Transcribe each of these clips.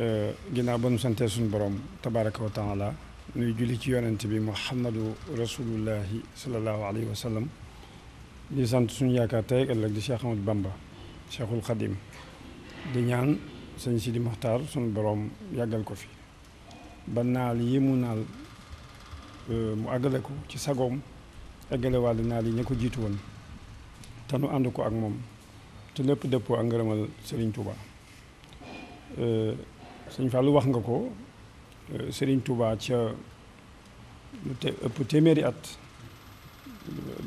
Euh, ginnaaw ba nu santee suñu borom tabaraka wa taala nuy julli ci yonent bi muhammadu rasulullahi salallahu alayhi wa sallam di sant suñu yaakaar tey ëllëg di Cheikh Ahmadou Bamba Cheikhul Khadim di ñaan sëñ Sidi Mokhtar suñ boroom yàggal ko fi ba naal yi mu naal euh, mu àggale ko ci sagoom àggale wàllu naal yi ña ko jiitu woon te nu ànd ko ak moom te lépp dëppoo ak ngërëmal Serigne Touba. Euh, sëñ Fallou wax nga ko euh, Serigne Touba ca lu ëpp téeméeri at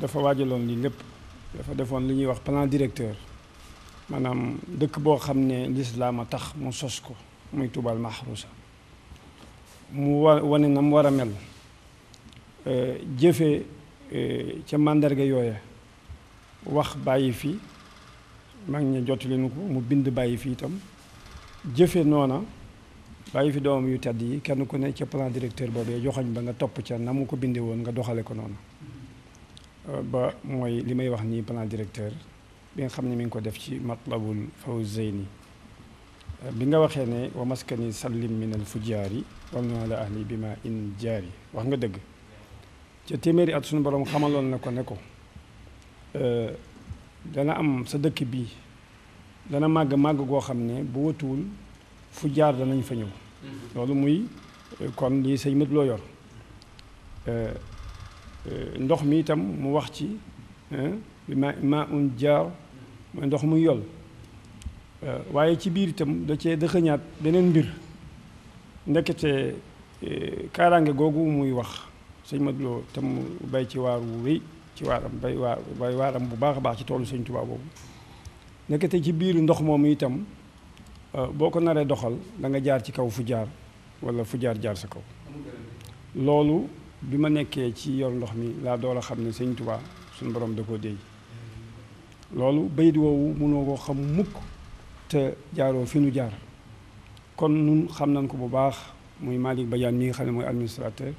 dafa waajaloon lii lépp dafa defoon li ñuy wax plan directeur maanaam dëkk boo xam ne lislaam a tax mu sos ko muy Toubaal Mahrousa mu wa wane na mu war a mel euh, jëfe euh, ca màndarga yooya wax bàyyi fi mag ñi jot ko mu bind bàyyi fi tam jëfe noona bàyyi fi doomam yu tedd yi kenn ku ne ca plan directeur boobee joxoñ ba nga topp ca na mu ko bindee woon nga doxale ko noonu euh, ba mooy li may wax nii plan directeur bi nga xam ne mi ngi ko def ci matlabul fawzayni euh, bi nga waxee ne wa maskani sallim min al fujaari wal na la ahli bi ma in jaari wax nga dëgg ca téeméeri at suñu borom xamaloon na ko ne ko euh, dana am sa dëkk bii dana màgg màgg goo xam ne bu wëtuwul fu jaar danañ fa ñëw Mm-hmm. loolu muy euh, kon lii sëñ mët loo yor euh, euh, ndox mi itam mu wax ci ma ma un jaar mooy ndox muy yol waaye ci biir itam da cee dëxëñaat beneen mbir ndekete kaaraange googu muy wax sëñ mët loo tam bay ci waar wu wéy ci waaram bay waar bay waaram bu baax a baax ci toolu sëñ Tuubaa boobu ndekete ci biir ndox moomu itam Euh, boo ko naree doxal danga jaar ci kaw fu jaar wala fu jaar jaar sa kaw loolu bi ma nekkee ci yor ndox mi laa door a xam ne sëñ Tuubaa suñu boroom da koo déy loolu bayit woowu mënoo koo xam mukk te jaaroo fi nu jaar kon nun xam nañ ko bu baax muy Malick Badiane mi nga xam ne mooy administrateur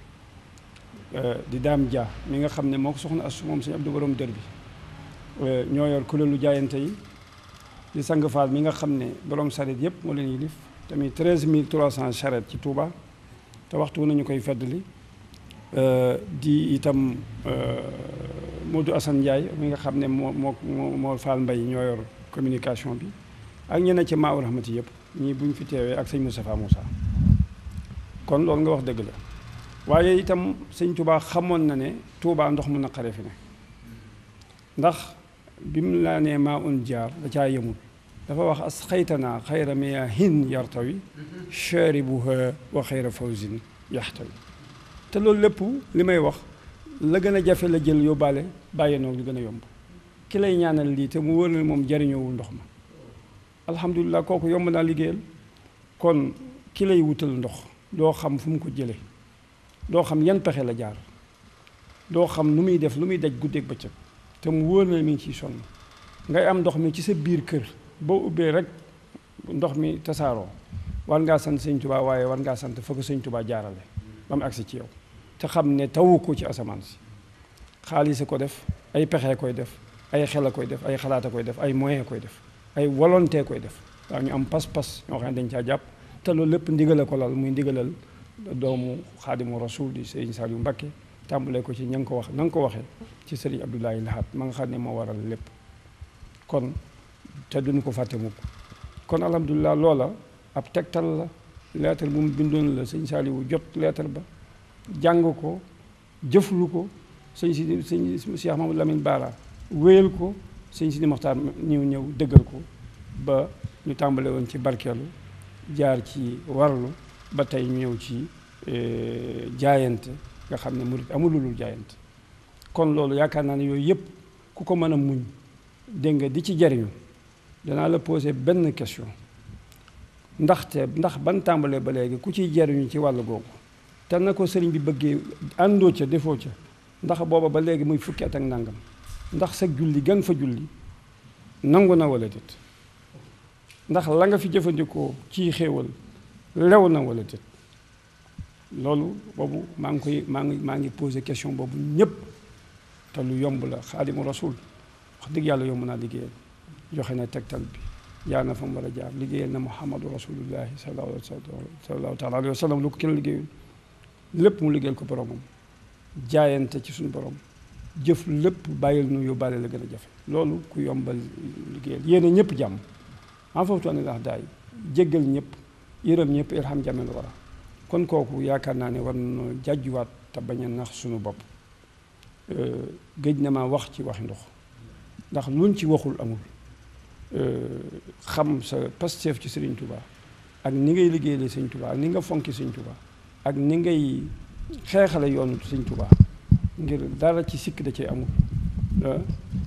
euh, di Dame Dia mi nga xam ne moo ko soxna as moom sëñ Abdou borom dër bi euh, ñoo yor kuréelu jaayante yi di sang faal mi nga xam ne borom saret yëpp moo leen yilif tamit treize mille trois cent charrette ci Touba te waxtu nañu koy feddali euh, di itam euh, Modou Assane Ndiaye mi nga xam ne moo moo moo Fall Mbaye ñoo communication bi ak ñeneen ci Maou Rahmati yëpp ñii buñ fi teewee ak sëñ Moustapha Moussa kon loolu nga wax dëgg la waaye itam sëñ Touba xamoon na ne Touba ndox mu naqaree ne ndax bi mu laa nee maa un jaar da caa yemul dafa wax as xaytanaa xayra miyaahin yartawi charibuha wa xayra fawzin yaxtawi te loolu lépp li may wax la gën a jafe la jël yóbbaale bàyyi noog lu gën a yomb ki lay ñaanal lii te mu wóor na moom jariñoowul ndox ma alhamdulilah kooku yomb naa liggéeyal kon ki lay wutal ndox doo xam fu mu ko jële doo xam yan pexe la jaar doo xam nu muy def lu muy daj guddeeg bëccëg te mu wóor na mi ngi ciy sonn ngay am ndox mi ci sa biir kër boo ubbee rek ndox mi tasaaroo war ngaa sant sëñ tubaa waaye war ngaa sant fa ko sëñ tubaa jaarale ba mu agsi ci yow te xam ne tawu ko ci asamaan si xaalis a ko def ay pexe koy def ay xel a koy def ay xalaat a koy def ay moyen koy def ay volonté koy def waaw ñu am pas-pas ñoo xam ne dañ caa jàpp te loolu lépp ndigal ko lal muy ndigalal doomu xaadimu rasul di sëriñ Saliou Mbacké tàmbalee ko ci ña nga ko wax na ko waxee ci sëriñ Abdoulaye Lahat ma nga xam ne moo waral lépp te duñu ko fàtte mukk kon alhamdulilah loola ab tegtal la leetar bu mu bindoon la sëñ Saaliwu jot leetar ba jàng ko jëflu ko sëñ si sëñ Cheikh Mamadou Lamine Bara wéyal ko sëñ si di Maxtaar ñëw ñëw dëggal ko ba ñu tàmbale woon ci barkeelu jaar ci warlu ba tey ñëw ci e, jaayante nga xam ne murit amul lu dul jaayante kon loolu yaakaar naa ne yooyu yëpp ku ko mën a muñ dégg nga di ci jariñu danaa la poser benn question ndaxte ndax ban tàmbalee ba léegi ku ciy jariñu ci wàll googu te na ko sëriñ bi bëggee àndoo ca defoo ca ndax booba ba léegi muy fukki ak nangam ndax sa julli gan fa julli nangu na wala déet ndax la nga fi jëfandikoo ci xéewal lew na wala déet loolu boobu maa ngi koy maa ngi maa ngi posé question boobu ñépp te lu yomb la xaadimu rasul wax dëgg yàlla yomb naa liggéeyal joxe na tegtal bi jaar na fa mu war a jaar liggéeyal na muhammadu rasulullahi sallallahu taala alayhi wa sallam lu ko kenn liggéeyul lépp mu liggéeyal ko boromam jaayante ci suñu borom jëf lépp bàyyil nu yóbbaale la gën a jafe loolu ku yombal liggéeyal yéene ñëpp jàmm en foofu tuuti ndax daay jéggal ñëpp yërëm ñëpp irham jamel wara kon kooku yaakaar naa ne war na jàjjuwaat te bañ a nax suñu bopp géej na maa wax ci waxi ndox ndax luñ ci waxul amul xam sa Pastef ci Serigne tubaa ak ni ngay liggéeyale Serigne Touba ak ni nga fonki Serigne Touba ak ni ngay xeexale yoonu Serigne Touba ngir dara ci sikk da cee amul ah,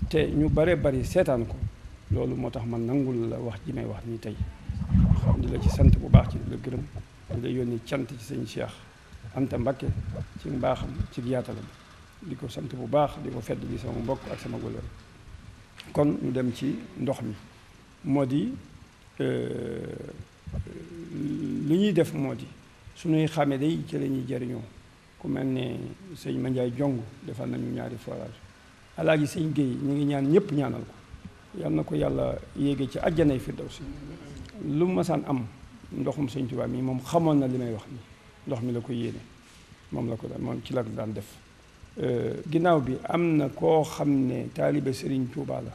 te ñu bare bari seetaan ko loolu moo tax man nangul la wax ji may wax nii tey xam di la ci sant bu baax ci la gërëm di la yónni ci Serigne Cheikh Anta Mbakke ci mbaaxam ci yaatalam di ko sant bu baax di ko fedd bi sama mbokk ak sama gëlëm kon ñu dem ci ndox mi moo di euh, li ñuy def moo di ñuy xamee day ci la ñuy jëriñoo ku mel ne sëñ Mandiaye Jong defal nañu ñaari forage alaaji sëñ Guèye ñu ngi ñaan ñëpp ñaanal ko na ko yàlla yéege ci àjjanay firdawsi lu mu masaan am ndoxum sëñ Tuubaa mi moom xamoon na li may wax ni ndox mi la ko yéene moom la ko daan moom ci la daan def euh, ginnaaw bi am na koo xam ne taalibe sëriñ Tuubaa la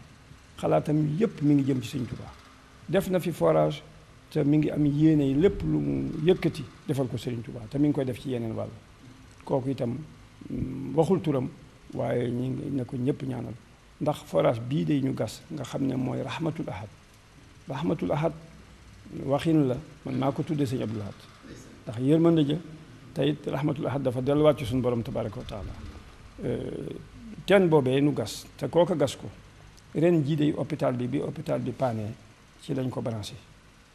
xalaatam yépp mi ngi jëm ci sëñ Tuubaa def na fi forage te mi ngi am yéene lépp lu mu yëkkati defal ko sëriñ Tuubaa te mi ngi koy def ci yeneen wàll kooku itam mm, waxul turam waaye ñi ne ko ñëpp ñaanal ndax forage bii day ñu gas nga xam ne mooy rahmatul ahad rahmatul ahad waxin la man naa ko tuddee sëñ Abdul Ahad ndax yërmande jë te it rahmatul ahad dafa delluwaat ci suñu borom tabaraka wa taala teen boobee nu gas te kooka gas ko ren jii day hôpital bi bi hôpital bi paane ci lañ ko branché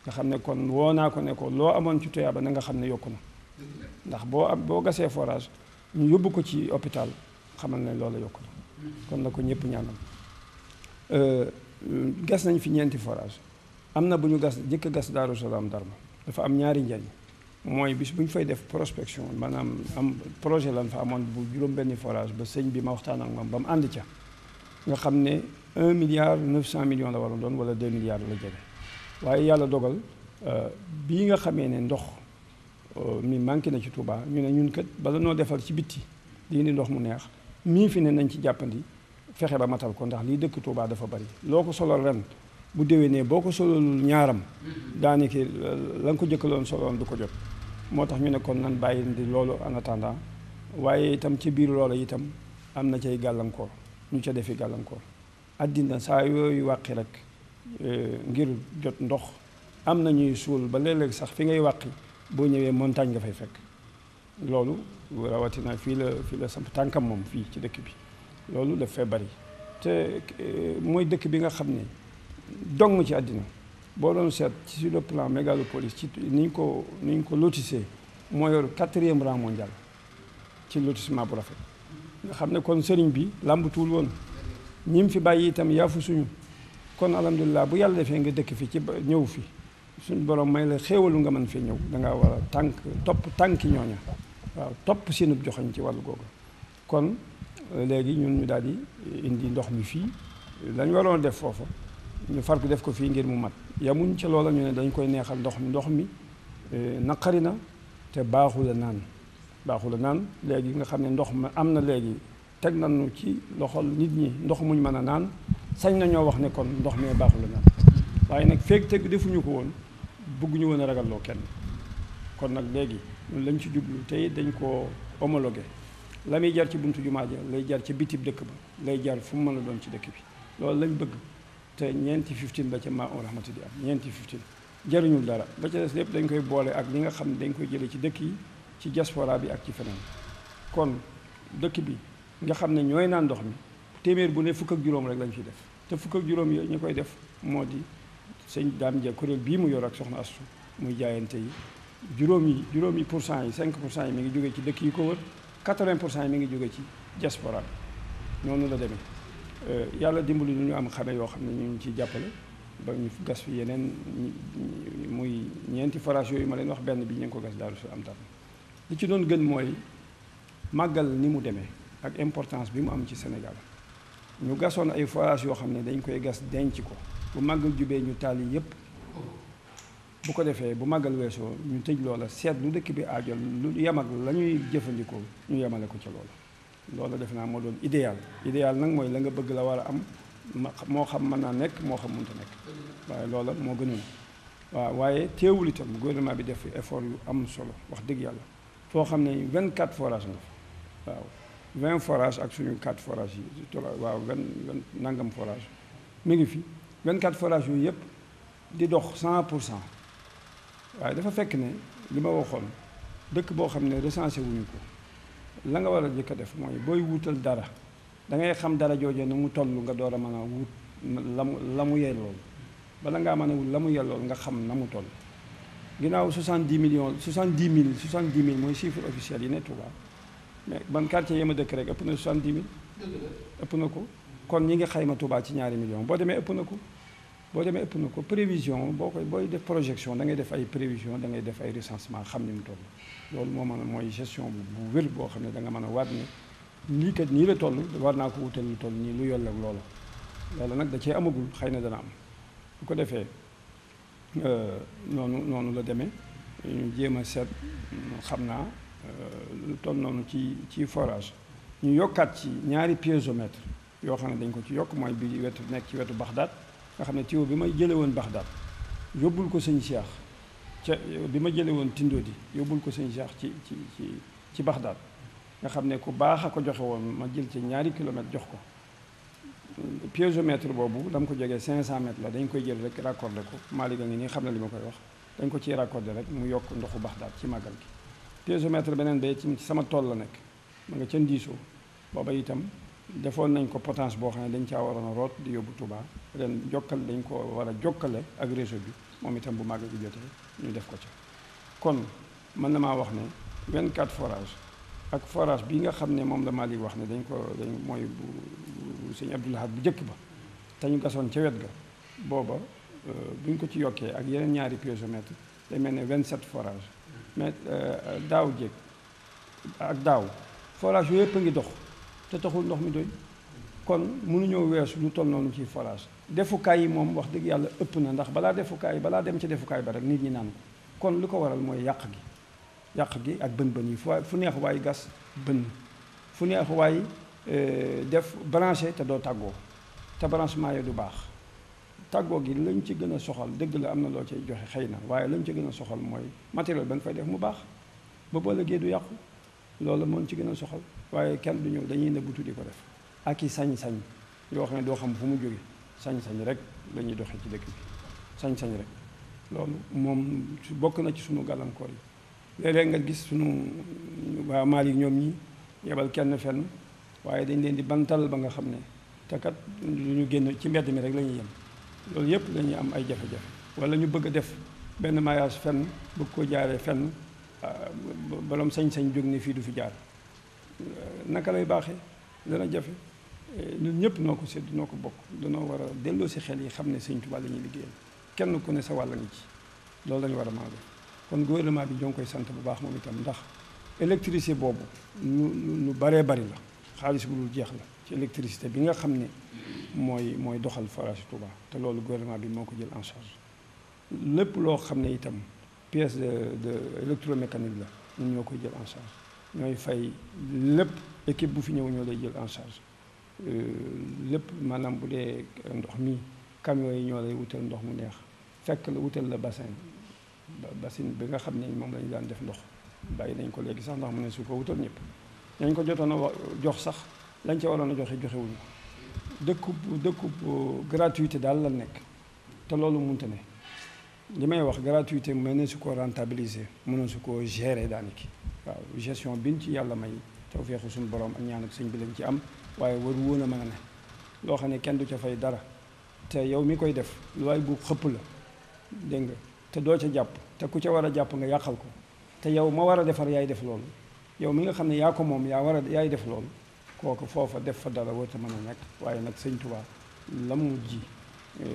nga xam ne kon woo naa ko ne loo amoon ci tuyaaba na nga xam ne yokk na ndax boo am boo gasee forage ñu yóbbu ko ci hôpital xamal ne loola yokk na kon na ko ñëpp ñaanal euh, gas nañ fi ñeenti forage am na bu ñu gas jëkk gas Daaru am Darma dafa am ñaari njariñ mooy bis bu ñu fay def prospection man am am projet lan fa amoon bu juróom benni forage ba sëñ bi ma waxtaan ak moom ba mu ànd ca xam ne un milliard neuf cent millions la waroon doon wala deux milliards la jege waaye yàlla dogal euh, bii nga xamee ne ndox euh, mi manqué na ci Touba ñu ne ñun kat bala noo defal ci bitti lii ni ndox mu neex mii fi ne nañ ci jàppandi fexe ba matal ko ndax lii dëkk Touba dafa bari loo ko solal ren bu nee boo ko sololul ñaaram daanaka euh, la ko jëkkaloon soloon du ko jot moo tax ñu ne kon nan bàyyi di loolu en waaye itam ci biir loola itam am na cay gàllankoor ñu ca defi gàllankoor àddina saa yooyu wàqi rek euh, ngir jot ndox am na ñuy suul ba léeg-léeg sax fi ngay wàqi boo ñëwee montagne nga fay fekk loolu rawatina fii la fii la samp tànkam moom fii ci dëkk bi loolu daf feebar yi te euh, mooy dëkk bi nga xam ne dong ci àddina boo doon seet ci sur le plan mégalopolis ci ni ñu ko ni ñu ko lotissé moo yor quatrième rang mondial ci lotissement bu rafet nga xam ne kon sëriñ bi làmbatuwul woon ñim fi bàyyi itam yafu suñu kon alhamdulilah bu yàlla defee nga dëkk fi ci ñëw fi suñu borom may la xéewalu nga mën fee ñëw da ngaa war a tànk topp tànki ñooña waaw topp seenub joxoñ ci wàllu googu kon léegi ñun ñu daal di indi ndox mi fii lañ waroon def foofa ñu far def ko fii ngir mu mat yamuñ ca loola ñu ne dañ koy neexal ndox mi ndox mi eh, naqari na te baaxu la naan baaxu la naan léegi nga xam ne ndox ma am na léegi teg nañu ci loxol nit ñi ndox muñ mën a naan sañ nañoo wax ne kon ndox mee baaxul la naan waaye nag feeg teg defuñu ko woon bëgguñu woon a ragalloo kenn kon nag léegi ñun lañ ci jublu tey dañ ko homologué la muy jar ci buntu jumaa ja lay jar ci bitib dëkk ba lay jar fu mu mën a doon ci dëkk bi loolu lañ bëgg te ñeenti fifteen ba ca maa on rahmati di am ñeenti fifteen jariñul dara ba ca des lépp dañ koy boole ak li nga xam ne dañ koy jëlee ci dëkk yi ci diaspora bi ak ci feneen kon dëkk bi nga xam ne ñooy naan ndox mi téeméer bu ne fukk ak juróom rek lañ fi def te fukk ak juróom yi ñu koy def moo di sëñ Dame Dia kuréel bii mu yor ak soxna Astu muy jaayante yi juróom yi juróom yi pour cent yi 5 pour cent yi mi ngi jóge ci dëkk yi ko wër 80 pour cent yi mi ngi jóge ci diaspora bi noonu la demee euh, yàlla dimbali ñu am xame yoo xam ne ñu ngi ciy jàppale ba ñu gas fi yeneen muy ñeenti forage yooyu ma leen wax benn bi ñu ngi ko gas daaru su am tam li ci doon gën mooy màggal ni mu demee ak importance bi mu am ci Sénégal ñu gasoon ay forage yoo xam ne dañ koy gas denc ko bu màggal jubee ñu taal yi yëpp bu ko defee bu màggal weesoo ñu tëj loola seet lu dëkk bi aajo lu yem ak la ñuy jëfandikoo ñu yemale ko ca loola loola defe naa moo doon idéal idéal nag mooy la nga bëgg la war a am moo xam man naa nekk moo xam mënta nekk waaye loola moo gënoon waaw waaye teewul itam gouvernement bi def effort yu am solo wax dëgg yàlla foo xam ne vingt forage nga fa vingt forage ak suñu quatre forage yi tola waaw vingt vingt nangam forage mu ngi fi vingt quatre forage yooyu yëpp di dox cent pour cent waaye dafa fekk ne li ma waxoon dëkk boo xam ne recensé wuñu ko la nga war a jëkk def mooy booy wuutal dara da ngay xam dara joojee ni mu toll nga door a mën a wut la mu la mu yellool bala ngaa mën a wut la mu yellool nga xam na mu toll ginnaaw soixante-dix millions soixante-dix mille soixante-dix mille mooy chiffre officiel yi ne Touba mais man quartier yi ma dëkk rek ëpp na soixante-dix mille ëpp na ko kon ñi ngi xayma Touba ci ñaari million boo demee ëpp na ko boo demee ëpp na ko prévision boo koy booy def projection da ngay def ay prévision da ngay def ay recensement xam ni mu toll loolu moo mën a mooy gestion bu wér boo xam ne danga nga mën a waat ni lii kat nii la toll war naa ko wutal lu toll nii lu yoll ak loola loolu nag da cee amagul xëy na dana am bu ko defee euh, noonu noonu la demee ñu jéem a seet naa lu toll noonu ci ci forage ñu yokkaat ci ñaari piézomètre yoo xam ne dañ ko ci yokk mooy bi wetu nekk ci wetu Baxdaad nga xam ne tuyau bi may jële woon Baxdaad yóbbul ko sëñ Cheikh ca bi ma jële woon Tindodi yóbbul ko sëñ Cheikh ci ci ci ci Baxdaad nga xam ne ku baax a ko joxe woon ma jël ci ñaari kilomètre jox ko piézomètre boobu dama ko jógee 500 mètres la dañ koy jël rek raccordé ko maali a ngi nii xam ne li ma koy wax dañ ko ciy raccordé rek mu yokk ndoxu Baxdaad ci màggal gi piézomètre beneen bee ci sama tool la nekk ma nga ca Ndiiso booba itam defoon nañ ko potence boo xam ne dañ caa waroon a root di yóbbu Touba ren jokkal dañ ko war a jokkale ak réseau bi moom itam bu màgg gi jotee ñu def ko ca kon mën na maa wax ne 24 forage ak forage bi nga xam ne moom la Malick wax ne dañ ko dañ mooy bu sëñ Abdou bu jëkk ba te ñu gasoon ca wet ga booba euh, buñ ko ci yokkee ak yeneen ñaari piézomètre day mel ne vingt 27 forage mais euh, daaw jéeg ak daaw forage yooyu yëpp a ngi dox te taxul ndox mi doy kon mënuñoo weesu lu toll noonu ci forage defukaay yi moom wax dëgg yàlla ëpp na ndax balaa defukaay balaa dem ci defukaay ba rek nit ñi naan ko kon lu ko waral mooy yàq gi yàq gi ak bën bën yi fu neex waay gas bën fu neex waay euh, def branché te doo tàggoo te branchement yi du baax tàggoo gi lañ ci gën a soxal dëgg la am na loo ci joxe xëy na waaye lañ ci gën a soxal mooy matériel ba nga fay def mu baax ba boo liggéey du yàqu loolu moom ci gën a soxal waaye kenn du ñëw dañuy nëbbutu ko def ak i sañ-sañ yoo xam ne doo xam fu mu jóge sañ-sañ rek la ñuy doxee ci dëkk bi sañ-sañ rek loolu moom bokk na ci sunu gàllankoor yi léeg nga gis sunu waa yi ñoom ñi yebal kenn fenn waaye dañ leen di bantal ba nga xam ne te kat lu ñu génn ci mbedd mi rek la ñuy yem loolu yëpp dañuy am ay jafe-jafe wala ñu bëgg a def benn maillage fenn bëgg koo jaaree fenn boroom sañ-sañ jóg ni fii du fi jaar euh, naka lay baaxee dana jafe euh, ñun ñëpp noo ko sédd noo ko bokk danoo war a delloo si xel yi xam ne Sëñ Tuubaa la ñuy liggéeyal kenn ku ne sa wàll ngi ci loolu lañu war a maandoo kon gouvernement bi ñoo ngi koy sant bu baax moom itam ndax électricité boobu lu lu baree bari la xaalis bu dul jeex la ci électricité bi nga xam ne mooy mooy doxal forage Touba te loolu gouvernement bi moo ko jël en lépp loo xam ne itam pièce de de électromécanique la ñun ñoo koy jël en charge ñooy fay lépp équipe bu fi ñëw ñoo lay jël en charge euh, lépp maanaam bu dee ndox mi camions yi ñoo lay wutal ndox mu neex fekk la wutal la bassin bassin bi nga xam ne moom lañu daan def ndox bàyyi nañ ko léegi sax ndox mu ne su ko wutal ñëpp dañ ko jotoon a jox sax lañ ca waroon a joxe joxe wuñu dëkku dëkkub euh, gratuité daal la nekk te loolu munte ne li may wax gratuité mën na su ko rentabiliser mën su ko gérer daanaka waaw gestion biñ ci yàlla may tawfeexu suñu borom ak ñaan ak sëñ bi lañ ci am waaye war woon a mën a ne loo xam ne kenn du ca fay dara te yow mi koy def looy bu xëpp la dégg nga te doo ca jàpp te ku ca war a jàpp nga yàqal ko te yow ma war a defar yaay def loolu yow mi nga xam ne yaa ko moom yaa war a yaay def loolu kooku foofa def fa dara woo a mën a nekk waaye nag sëñ Tuubaa la mu ji eh,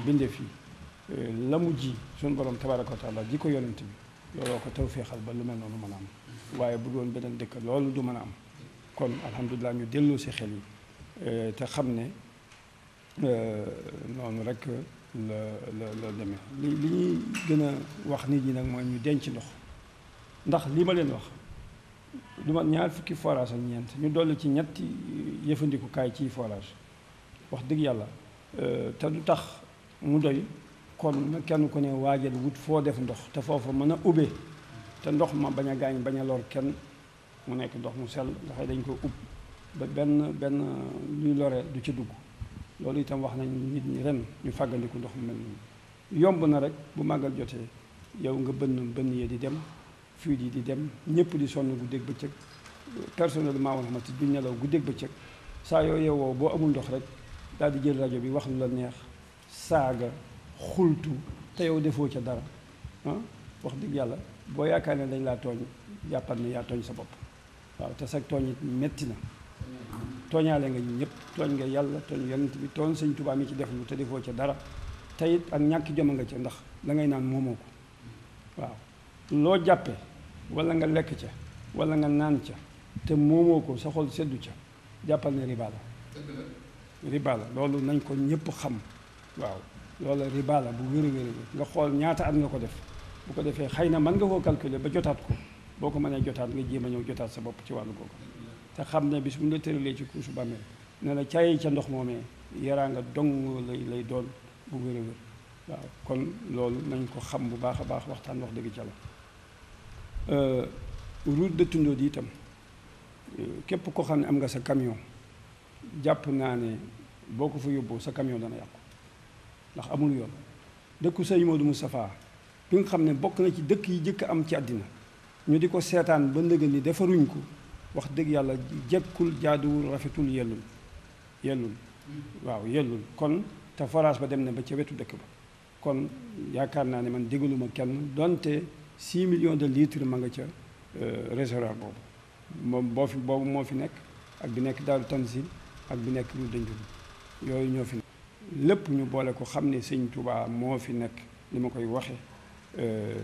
mbindeef yi eh, la mu ji suñu borom tabaaraka wa taala ji ko yonent bi looloo ko tawféexal ba lu mel noonu mën a am waaye bu doon beneen dëkk loolu du mën a am kon alhamdulilah ñu delloo si xel yi eh, te xam ne noonu rek la la la li li ñuy gën a wax nit ñi nag mooy ñu denc ndox ndax li ma leen wax. lu mat ñaar fukki forage ak ñeent ñu dolli ci ñetti yëfandikukaay ciy forage wax dëgg yàlla euh, te du tax mu doy kon na kenn ku ne waajal wut foo def ndox te foofu mën a ubbee te ndox ma bañ a gaañ bañ a lor kenn mu nekk ndox mu sel nga xam dañ ko ub ba benn benn luy lore du ci dugg loolu itam wax nañ nit ñi ren ñu fàggandiku ndox mu mel nii yomb na rek bu màggal jotee yow nga bënn bënn yee di dem fluide yi di dem ñëpp di sonn guddeeg bëccëg personnellement wala ma ci du nelaw guddeeg bëccëg saa yoo yeewoo boo amul ndox rek daal di jël rajo bi wax lu la neex saaga xultu te yow defoo ca dara ah wax dëgg yàlla boo yaakaar ne dañ laa tooñ yàppal ne yaa tooñ sa bopp waaw te sag tooñ it metti na tooñaale nga ñëpp tooñ nga yàlla tooñ yonent bi tooñ sëñ Tuubaa mi ci def lu te defoo ca dara te ak ñàkki joma nga ca ndax dangay naan moomoo ko waaw loo jàppee wala nga lekk ca wala nga naan ca te moomoo ko sa xol seddu ca jàppal ne riba la riba loolu nañ ko ñëpp xam waaw loolu riba la bu wér wér nga xool ñaata at nga ko def bu ko defee xëy na man nga koo calculer ba jotaat ko boo ko mënee jotaat nga jéem a ñëw jotaat sa bopp ci wàllu googu te xam ne bi su ñu la tëralee ci kuusu bàmmeel ne la cayi ca ndox moomee yaraa nga dong lay doon bu wér wér waaw kon loolu nañ ko xam bu baax a baax waxtaan wax dëgg ca Euh, route de Tundodi itam euh, képp ko xam ne am nga sa camion jàpp naa ne boo ko fa yóbboo sa camion dana yàqu ndax amul yoon dëkku sëñ Modou Moustapha bi nga xam ne bokk na ci dëkk yi jëkk am ci àddina ñu di ko seetaan ba ndëgën ni defaruñ ko wax dëgg yàlla jekkul jaaduwul rafetul yellul yellul waaw yellul kon te forage ba dem na ba ca wetu dëkk ba kon yaakaar naa ne man déggaluma kenn donte 6 million de litres ma nga ca euh, réservoir boobu moom boo fi boobu moo fi nekk ak bi nekk Daaru Tanzil ak bi nekk Rue de yooyu ñoo fi nekk lépp ñu boole ko xam ne sëñ Touba moo fi nekk ni ma koy waxe euh,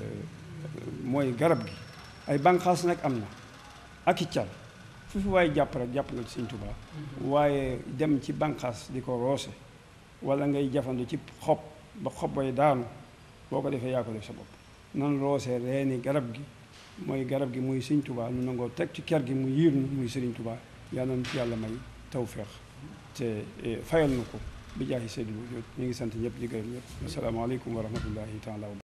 mooy garab gi ay banqaas nag am na ak i cal fu fi waaye jàpp rek jàpp nga sëñ Touba mm-hmm. waaye dem ci bànqaas di ko roose wala ngay jafandu ci xob ba xob bay daanu boo ko defee yaa sa bopp nan roosee ni garab gi mooy garab gi muy sëñ tubaa nu nangoo teg ci ker gi mu yiir nu muy sëriñ tubaa yàlla na ci yàlla may tawféex te e, fayal nu ko bi jaahi seydil wujud ñu ngi sant ñëpp di gërëm ñëpp asalaamaaleykum wa rahmatullahi taala